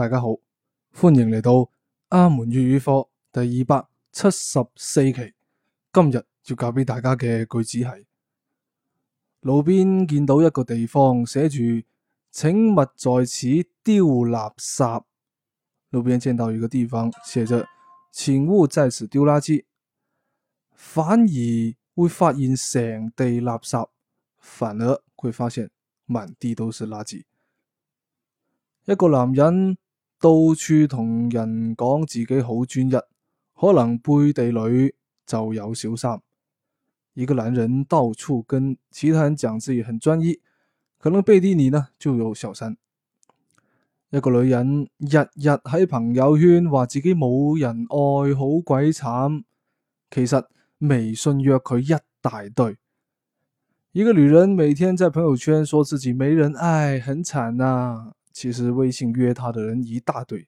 大家好，歡迎嚟到阿門粵語課第二百七十四期。今日要教俾大家嘅句子係：路邊見到一個地方寫住，請勿在此丟垃圾。路邊見到一個地方寫着，請勿在此丟垃圾。反而會發現成地垃圾，反而會發現滿地都是垃圾。一個男人。到處同人講自己好專一，可能背地裏就有小三；一個男人到處跟其他人講自己很專一，可能背地裏呢就有小三。一個女人日日喺朋友圈話自己冇人愛，好鬼慘，其實微信約佢一大堆。一個女人每天在朋友圈說自己沒人愛，很慘啊！其實微信約他的人一大堆。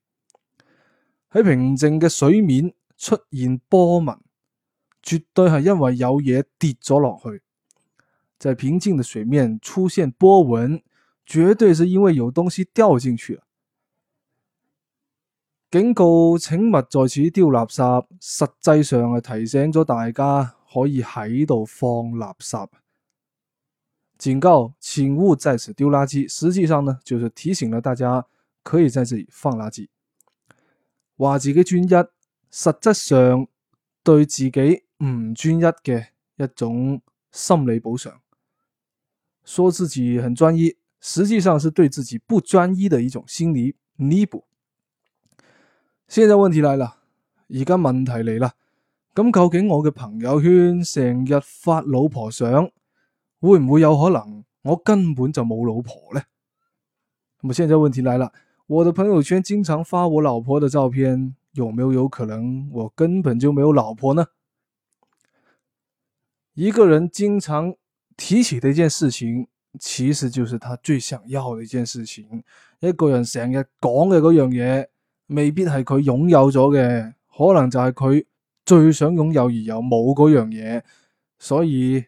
喺平靜嘅水面出現波紋，絕對係因為有嘢跌咗落去。在平靜嘅水面出現波紋，絕對是因為有東西掉進去，就是，去了。警告，請勿在此丟垃圾。實際上係提醒咗大家可以喺度放垃圾。警告，請勿在此丟垃圾。實際上呢，就是提醒了大家可以在這裏放垃圾。話自己專一，實質上對自己唔專一嘅一種心理補償。說自己很專一，實際上是對自己不專一的一種心理彌補。現在問題來了，而家問題嚟啦，咁究竟我嘅朋友圈成日發老婆相，會唔會有可能我根本就冇老婆呢？咁啊，現在問題來了，我的朋友圈經常發我老婆的照片，有沒有有可能我根本就沒有老婆呢？一個人經常提起的一件事情，其實就是他最想要的一件事情。一個人成日講嘅嗰樣嘢，未必係佢擁有咗嘅，可能就係佢最想擁有而又冇嗰樣嘢，所以。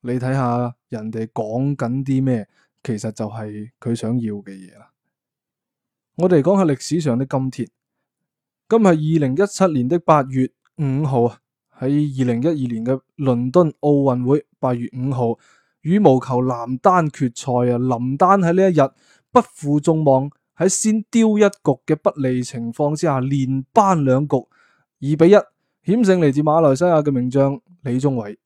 你睇下人哋講緊啲咩，其實就係佢想要嘅嘢啦。我哋講下歷史上的今天。今日二零一七年的八月五號啊，喺二零一二年嘅倫敦奧運會八月五號羽毛球男單決賽啊，林丹喺呢一日不負眾望，喺先丟一局嘅不利情況之下，連扳兩局，二比一險勝嚟自馬來西亞嘅名將李宗偉。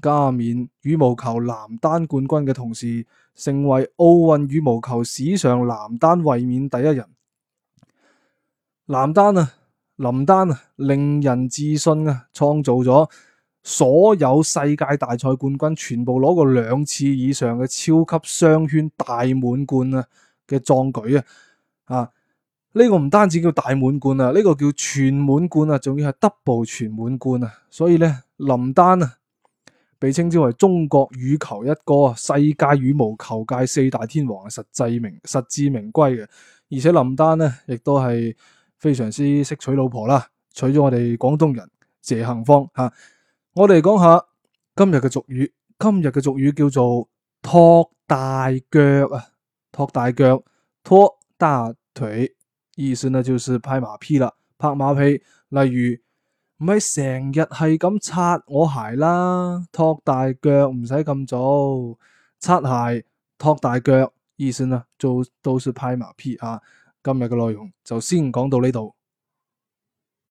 加冕羽毛球男單冠軍嘅同時，成為奧運羽毛球史上男單衛冕第一人。男單啊，林丹啊，令人自信啊，創造咗所有世界大賽冠軍全部攞過兩次以上嘅超級雙圈大滿貫啊嘅壯舉啊啊！呢個唔單止叫大滿貫啊，呢個叫全滿貫啊，仲要係 double 全滿貫啊。所以呢，林丹啊。被稱之為中國羽球一哥，世界羽毛球界四大天王啊，實至名實至名歸嘅。而且林丹呢，亦都係非常之識娶老婆啦，娶咗我哋廣東人謝杏芳吓。我哋講下今日嘅俗語，今日嘅俗語叫做托大腳啊，托大腳，托大腿，意思呢就是拍馬屁啦，拍馬屁，例如，唔係成日係咁擦我鞋啦，托大腳唔使咁早，擦鞋托大腳，意思呢，做到時拍馬屁啊！PR, 今日嘅內容就先講到呢度。